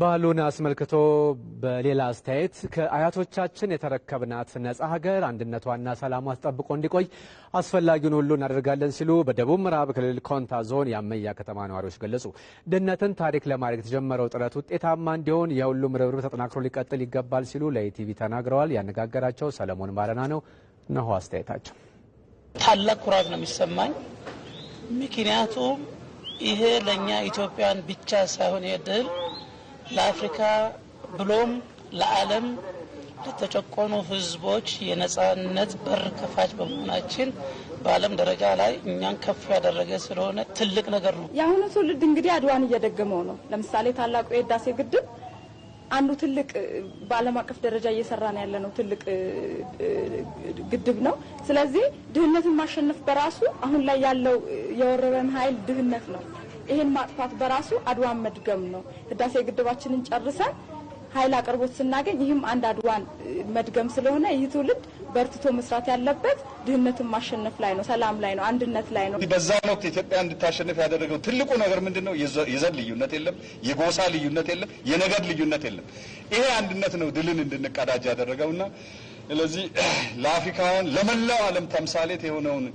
ባህሉን አስመልክቶ በሌላ አስተያየት ከአያቶቻችን የተረከብናት ነጻ ሀገር አንድነቷና ሰላሟ ተጠብቆ እንዲቆይ አስፈላጊውን ሁሉ እናደርጋለን ሲሉ በደቡብ ምዕራብ ክልል ኮንታ ዞን የአመያ ከተማ ነዋሪዎች ገለጹ። ድህነትን ታሪክ ለማድረግ የተጀመረው ጥረት ውጤታማ እንዲሆን የሁሉም ርብርብ ተጠናክሮ ሊቀጥል ይገባል ሲሉ ለኢቲቪ ተናግረዋል። ያነጋገራቸው ሰለሞን ባረና ነው። ነሆ አስተያየታቸው። ታላቅ ኩራት ነው የሚሰማኝ ምክንያቱም ይሄ ለእኛ ኢትዮጵያን ብቻ ሳይሆን የድል ለአፍሪካ ብሎም ለዓለም ለተጨቆኑ ህዝቦች የነጻነት በር ከፋች በመሆናችን በዓለም ደረጃ ላይ እኛን ከፍ ያደረገ ስለሆነ ትልቅ ነገር ነው። የአሁኑ ትውልድ እንግዲህ አድዋን እየደገመው ነው። ለምሳሌ ታላቁ የህዳሴ ግድብ አንዱ ትልቅ በዓለም አቀፍ ደረጃ እየሰራ ነው ያለ ነው ትልቅ ግድብ ነው። ስለዚህ ድህነትን ማሸነፍ በራሱ አሁን ላይ ያለው የወረረን ኃይል ድህነት ነው። ይህን ማጥፋት በራሱ አድዋን መድገም ነው። ህዳሴ ግድባችንን ጨርሰን ኃይል አቅርቦት ስናገኝ ይህም አንድ አድዋን መድገም ስለሆነ ይህ ትውልድ በርትቶ መስራት ያለበት ድህነትን ማሸነፍ ላይ ነው፣ ሰላም ላይ ነው፣ አንድነት ላይ ነው። በዛ ወቅት ኢትዮጵያ እንድታሸንፍ ያደረገው ትልቁ ነገር ምንድን ነው? የዘር ልዩነት የለም፣ የጎሳ ልዩነት የለም፣ የነገድ ልዩነት የለም። ይሄ አንድነት ነው ድልን እንድንቀዳጅ ያደረገውና ስለዚህ ለአፍሪካውያን ለመላው ዓለም ተምሳሌት የሆነውን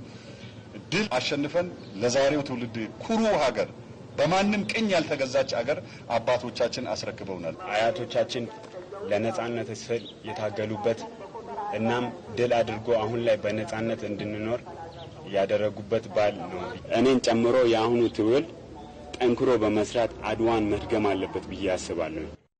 ድል አሸንፈን ለዛሬው ትውልድ ኩሩ ሀገር በማንም ቅኝ ያልተገዛች ሀገር አባቶቻችን አስረክበውናል። አያቶቻችን ለነጻነት ስል የታገሉበት እናም ድል አድርጎ አሁን ላይ በነጻነት እንድንኖር ያደረጉበት በዓል ነው። እኔን ጨምሮ የአሁኑ ትውልድ ጠንክሮ በመስራት አድዋን መድገም አለበት ብዬ አስባለሁ።